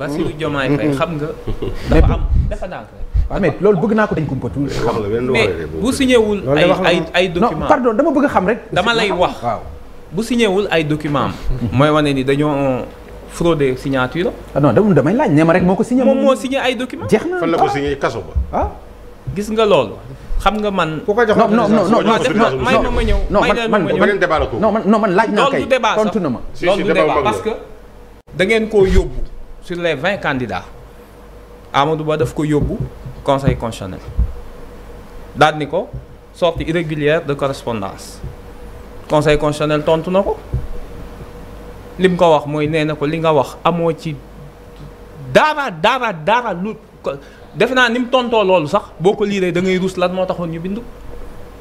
Bassirou mm-hmm. Diomaye Faye mm-hmm. xam nga. dafa am dafa naan ah, waaw mais loolu bëgg naa ko dañ ko mpotul. mais bu signé wul ay ay ay documents non dama bëgg xam rek. dama lay wax bu signé wul ay documents mooy wane nii dañoo fraude signature. ah non damay damay laaj nee ma rek moo ko signé. moom moo signé ay documents. jeex na fan la ko signé kaso ba. Ah. gis nga loolu. xam nga man. ku jox non non may na ma ñëw. may na ma ñëw non man man non man laaj naa kay. tontu na ma loolu du débat parce que da ngeen koo yóbbu. sur les vingt candidats amadu Ba def ko yóbbu conseil constitutionnel daal ni ko sortie irrégulière de correspondance conseil constitutionnel tontu na ko li mu ko wax mooy nee na ko li nga wax amoo ci dara dara dara lu defe naa ni mu tontoo loolu sax boo ko liiree da ngay ruus lan moo taxoon ñu bindu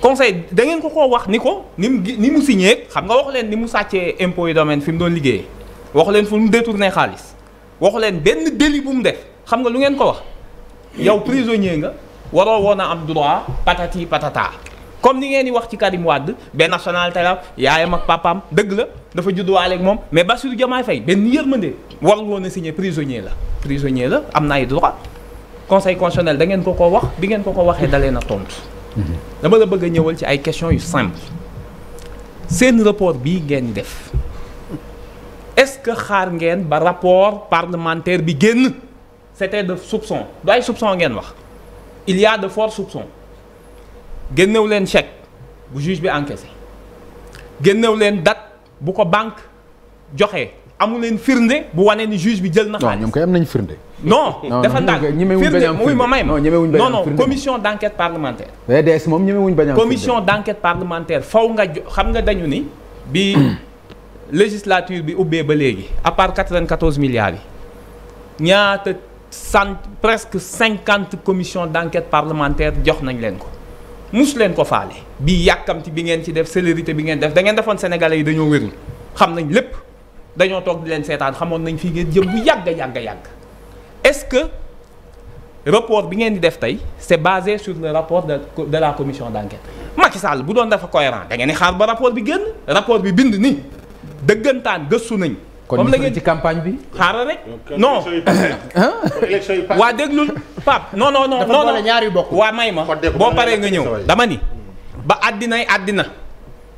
conseil da ngeen ko koo wax ni ko ni mu ni mu signé xam nga wax leen ni mu sàccee impôt yi domaine fi mu doon liggéeyee wax leen mu détourné xaalis. waxu leen benn délit bu mu def xam nga lu ngeen ko wax yow prisonnier nga waroo woon a am droit patati patata comme ni ngeen di wax ci Karim Wade benn nationalité la yaayam ak papaam dëgg la dafa judduwaale ak moom mais Bassirou Diomaye Faye benn yërmande warul woon a signé prisonnier la prisonnier la am na ay droit conseil constitutionnel da ngeen ko ko wax bi ngeen ko ko waxee dalee na tontu. Mhm. dama la bëgg a ñëwal ci ay questions yu simple seen rapport bi ngeen def est-ce que xaar ngeen ba rapport parlementaire bi génn c'était de soupçon du ay soupçon ngeen wax il y a de forts soupçons génnew leen chèque bu juge bi encaissé génnew leen date bu ko banque joxe amu leen firnde bu wane ni juge bi jël na. xaalis non ñoom kay am nañ firnde. non dafa ndànk firnde muy ma may ma non non commission d' enquête parlementaire. VDS moom ñemewuñ bañ commission d' parlementaire faw nga jo xam nga dañu ni bi. législature bi ubbee ba léegi à part 94 milliards yi ñaata cent presque cinquante commission d'enquête parlementaire jox nañ leen ko mus leen ko faale bi yàkkamti bi ngeen ci def célérité bi ngeen def da ngeen defoon sénégalais yi dañoo wérul xam nañ lépp dañoo toog di leen seetaan xamoon nañ fii ngeen jëm bu yàgg a yàgg a yàgg est que rapport bi ngeen di def tey c'est basé sur le rapport de la commission d'enquête Macky Sall bu doon dafa cohérent da ngeen di xaar ba rapport bi bi bind nii dëggantaan gëstu nañ. kon ñu ngi ci campagne bi. xaaral rek non. waa déglul Pape non non non. non non ñaari bokk. waa may ma boo paree nga ñëw dama ni. ba àddinay àddina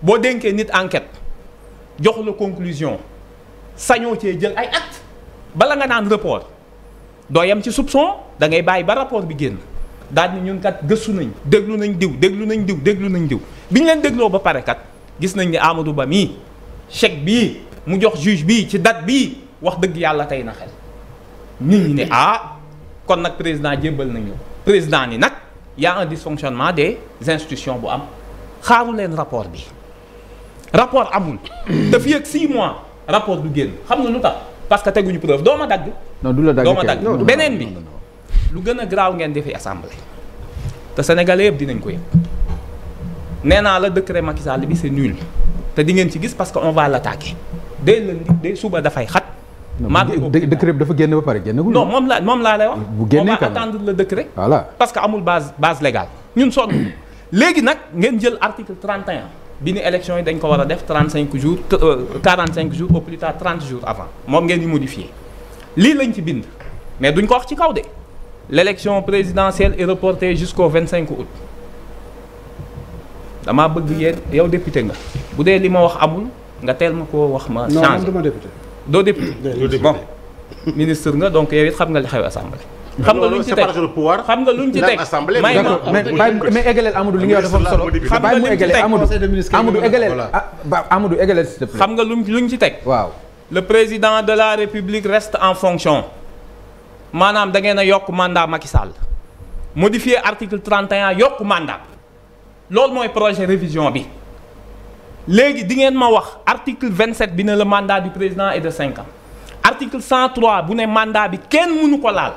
boo dénkee nit enquête jox la conclusion sañoo cee jël ay acte bala nga naan rapport doo yem ci soupçon da ngay bàyyi ba rapport bi génn daal ni ñun kat gëstu nañ déglu nañ diw déglu nañ diw déglu nañ diw bi ñu leen dégloo ba pare kat gis nañ ni Amadou Ba mii. chèque bi mu jox juge bii ci dat bi wax dëgg yàlla tey na xel nit ñi ne ah kon nag président jébbal nañu président ni nag y a un dysfonctionnement des institutions bu am xaaru leen rapport bi rapport amul dafay ak 6 mois rapport du génn xam nga lu tax parce que teguñu preuve doo ma dagg. non du la dagg doo beneen bi lu gën a graaw ngeen defi assemblée te sénégalais yëpp dinañ ko yëpp nee la décret Macky bi c'est nul. te di ngeen ci gis parce que on va l' attaquer dès lundi dès suba dafay xat. maa décret bi dafa génn ba pare génnagul. non moom laa moom laa lay wax. bu génnee on va attendre le décret. voilà parce que amul base base légale. ñun sonn léegi nag ngeen jël article 31 bi ni élection yi dañ ko war a def 35 jours 45 euh, jours au plus tard 30 jours avant moom ngeen di modifier lii lañ ci bind mais duñ ko wax ci kaw de l' élection présidentielle est reportée jusqu'au 25 damaa bëgg yéen yow député nga bu dee li ma wax amul nga teel ma koo wax ma. changé non député. doo député bon ministre nga donc yow it xam nga li xew assemblée. xam nga luñ ci teg xam nga lu ci teg may ma mais égaleel Amadou li nga wax dafa solo xam nga luñ ci teg Amadou égaleel Amadou égaleel ah, s'il te plaît xam nga luñ luñ ci teg waaw le président de la république reste en fonction maanaam da ngeen a yokk mandat Macky Sall modifier article 31 yokk mandat loolu mooy projet révision bi léegi di ngeen ma wax article 27 bi ne la mandat du président et de cinq ans article bu ne mandat bi kenn mënu ko laal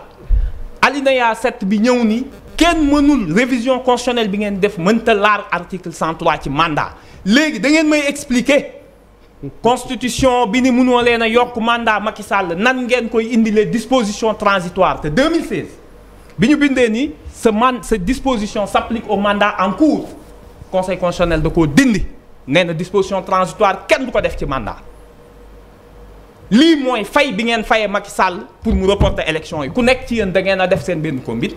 alinéa 7 bi ñëw nii kenn mënul révision constitutionnelle bi ngeen def mënta laal article 103 ci mandat léegi da ngeen may expliquer constitution bi ni mënoo leen a yokk mandat Macky Sall nan ngeen koy indi les dispositions transitoires te 2016 bi ñu bindee nii sa man sa disposition s'applique au mandat en cours conseil constitutionnel da koo dindi nee na disposition transitoire kenn du ko def ci mandat lii mooy fay bi ngeen fayee Macky Sall pour mu reporter élection yi ku nekk ci yéen da ngeen def seen benn combine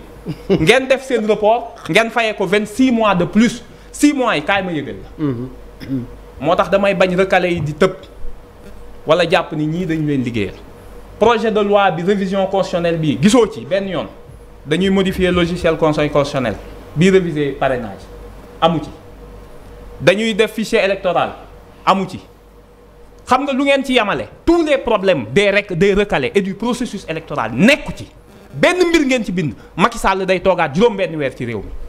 ngeen def seen report ngeen fayee ko 26 mois de plus 6 mois yi kaay ma yëgal la. Mm-hmm. Mm-hmm. moo tax damay bañ recalé yi di tëb wala jàpp ni ñii dañu leen liggéeyal projet de loi bi révision constitutionnelle bi gisoo ci benn yoon dañuy modifier logiciel conseil bii réviser parrainage amu ci. dañuy def fichier électoral amu ci xam nga lu ngeen ci yamale tous les problèmes de rec des recalés et du processus électoral nekku ci benn mbir ngeen ci bind Macky Sall day toogaat juróom-benn weer ci réew mi.